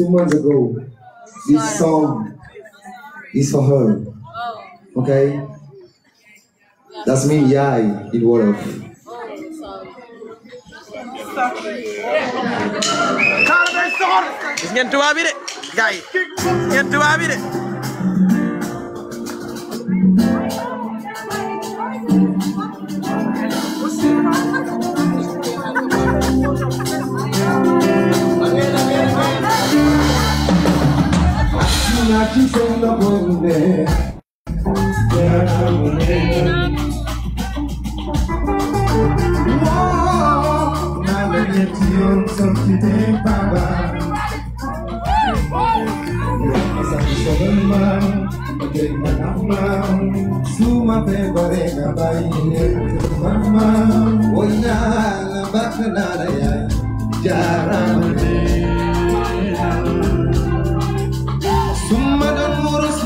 two months ago. This song is for her. Oh. Okay? That's me, Yai, in Wolof. It's getting too be it, guy. It's getting too be it. 같이 생각보는데 내가 나보네 나를 예지 용서 기대 봐봐 Soberan, man, semua bebare ngabai mama, man. lebat kenara ya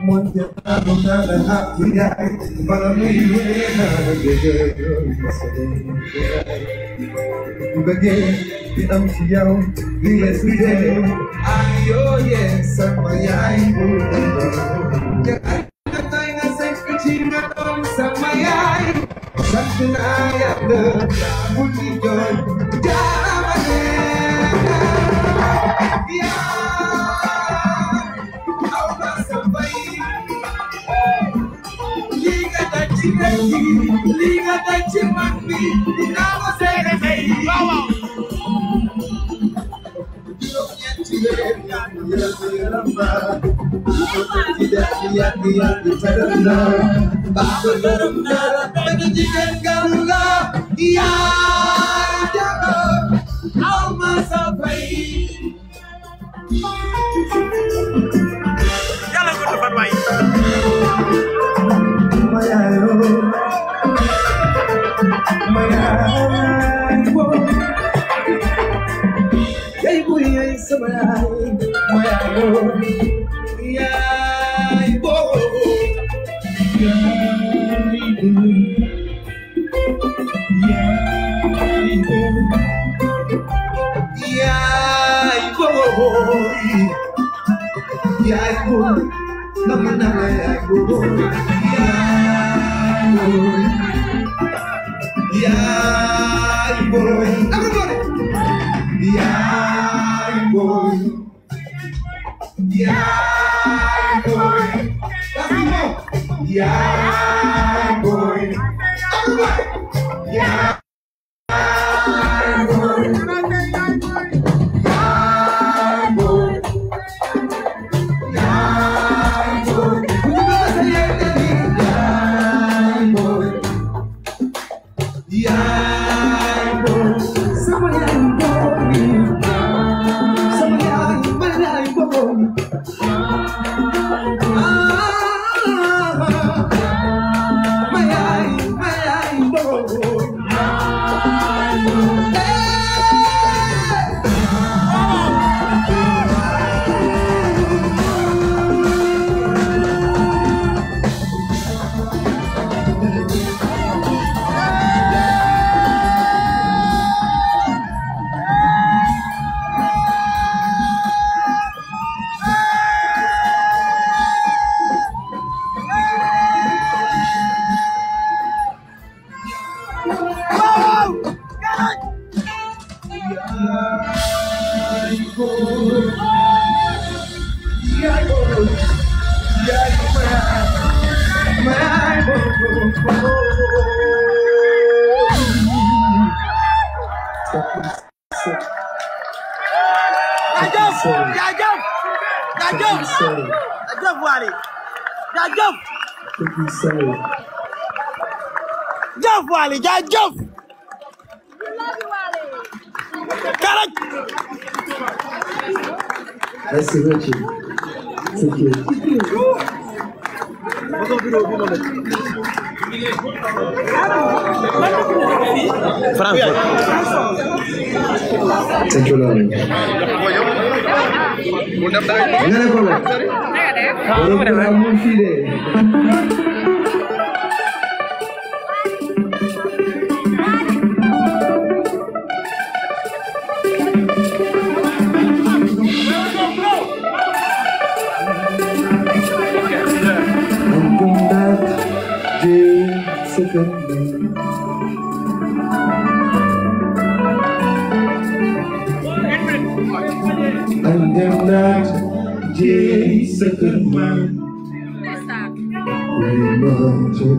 Muinte adonada hatirai Para mí era Bagai di ci kër gi li nga daj ci mag bi dinaa ko seede tey waaw waaw juróom-ñetti yéen yàlla baal ko ci def yàgg yàgg tërëm na baax ko tërëm na benn manalo manalo yai buya samanalo manalo yai bo yai bo yai bo yai bo yai bo namanalo yai bo Jump, Wally. Just jump. Jump, Wally. Just jump. We love you, Wally. Carrot. Merci, Richie. Thank you. Franco. Thank you, Lord. കാണൂലേ And then that Jadi sekerman Remajut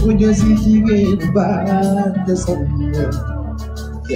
Kunya sijige bata sanga I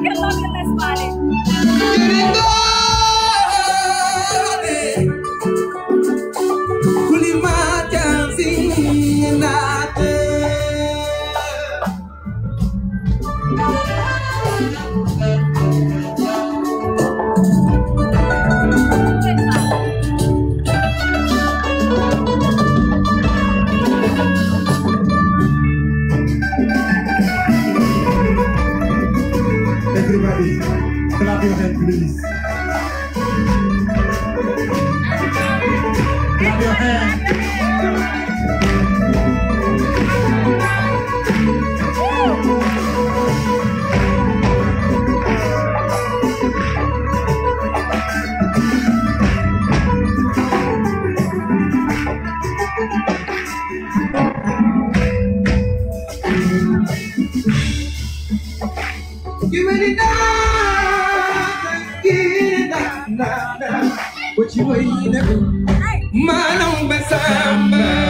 can love you, Miss Molly. Play please. Clap your hands. way. Mano, besamba.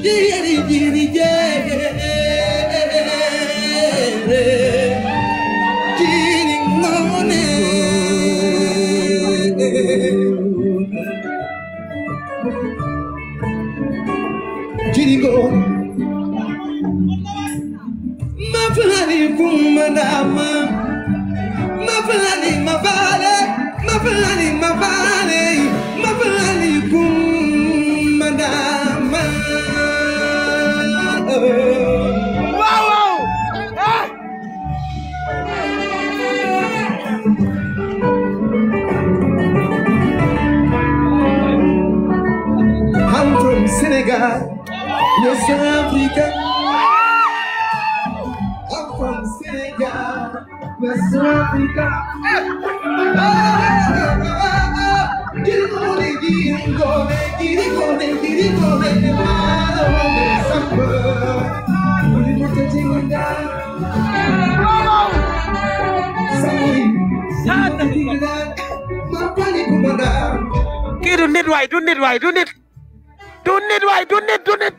Vieni, vieni, vieni. Girigo Ma plani pumanama Ma plani ma vale Ma plani ma vale Senegal, yes, Africa. I'm from Senegal, West Africa. Girikone, girikone, girikone, girikone, malo de samba. Kuli mote chingonda. Sambuli. Sana. Mapani kumanda. Kiru du nit waay du nit du nit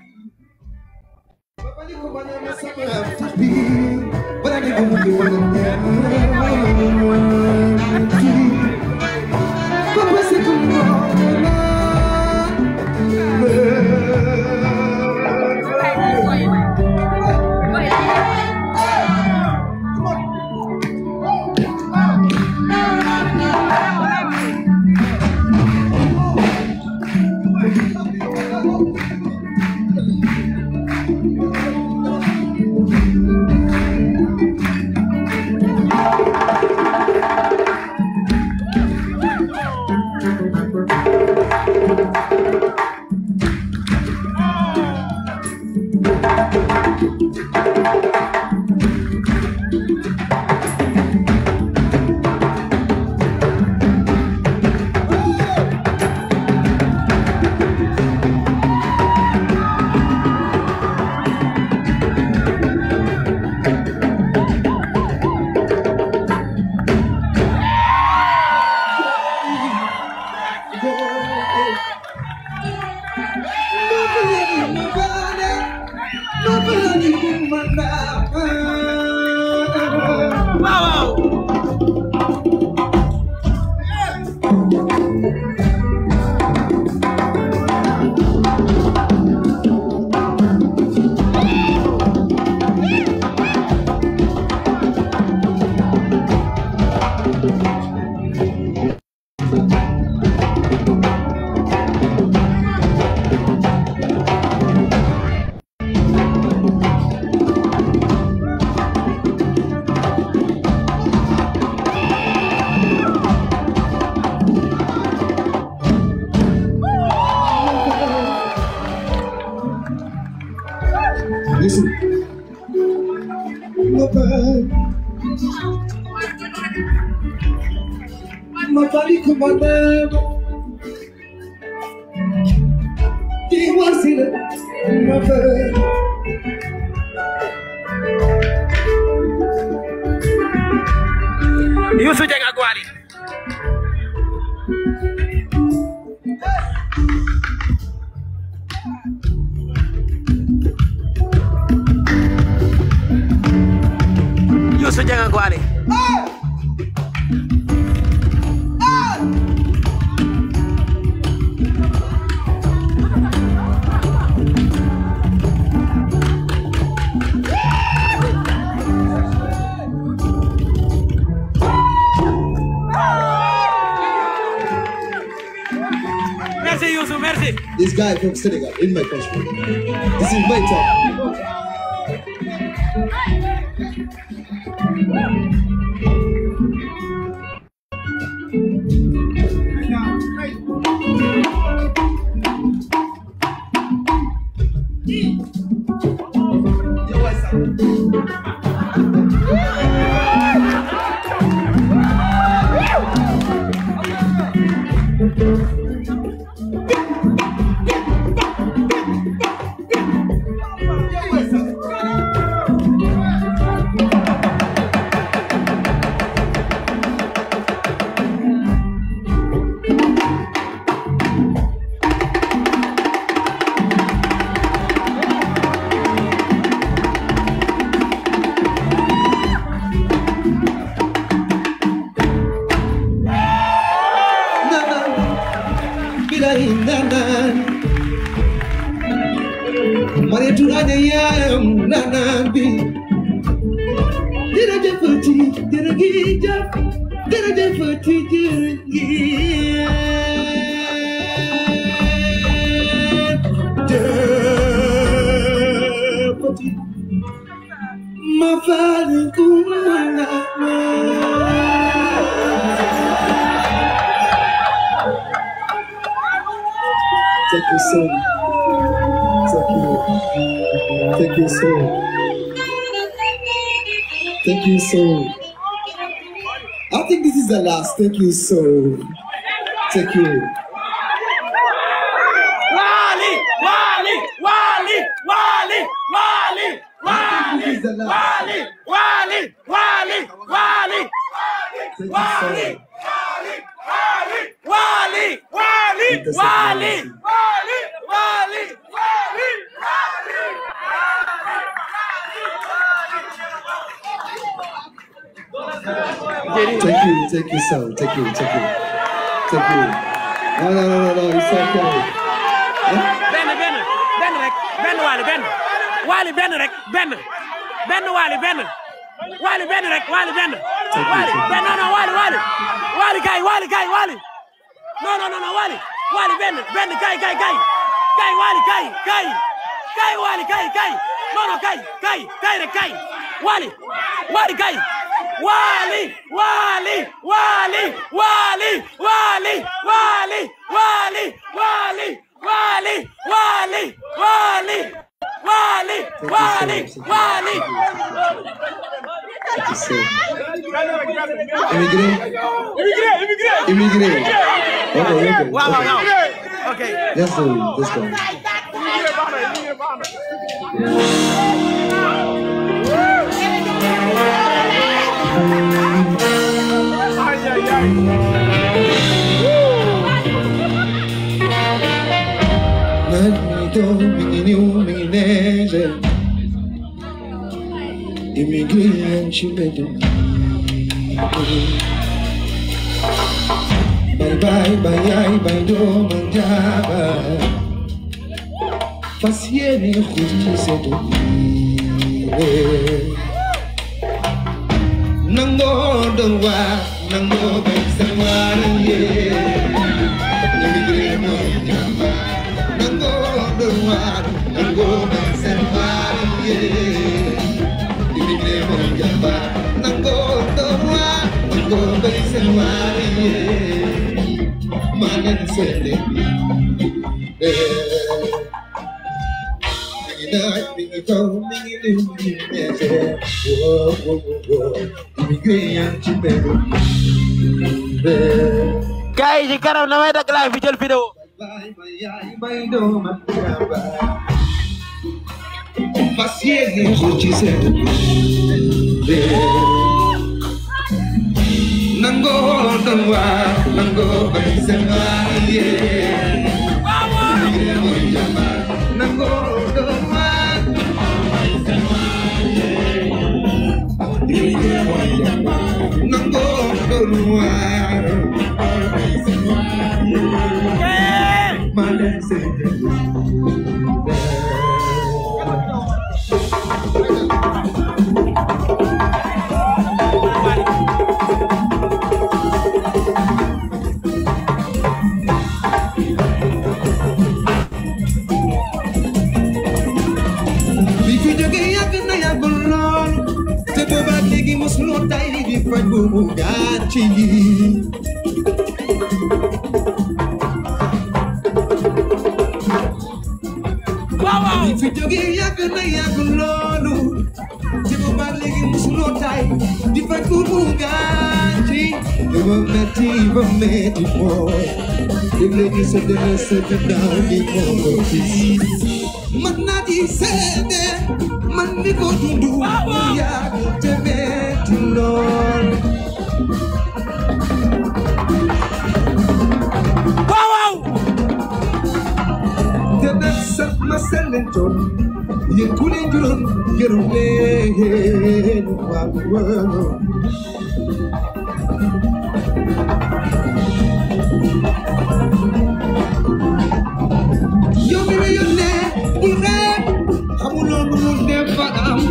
But I didn't want to be one of them. So jangan kuari. Merci Youssou, merci. This guy from Senegal in my country. This is my time. you so. I think this is the last. Thank you so. Thank you. Thank you, thank you, son. thank you, thank you. thank you. No, no, no, no, no. It's okay. Ben, ben, ben rek, ben Wally, ben. Wally, ben rek, ben. Ben Wally, ben. Wally, ben rek, Wally, ben. Wally, ben, no, no, Wally, Wally. Wally, guy, Wally, guy, Wally. No, no, no, no, Wally. Wally, ben, ben, guy, guy, guy. Guy, Wally, guy, guy. Guy, Wally, guy, guy. No, no, guy, guy, guy, guy. Wally, Wally, guy. Wally, Wally, Wally, Wally, Wally, Wally, Wally, Wally, Wally, Wally, Wally, Wally, Wally, Wally. Immigré. Okay, okay. Wow, wow, wow. Okay. That's illuminated Immigrant Bye bye bye ai bye do mandaba Pasieni khud ki se do Nango do wa nango bai sanwariye Whoa, whoa, gaay ci kanam damay dagg live bi jël vidéo nango don wa nango bay sama ye nango don wa nango don wa celebrate You were mighty, you were mighty boy. If lady said they were the down before notice. Manadi said, Mandi go to do, ya go to bed to Lord. Maselentoni, yekulenjuron, yerule, wawo.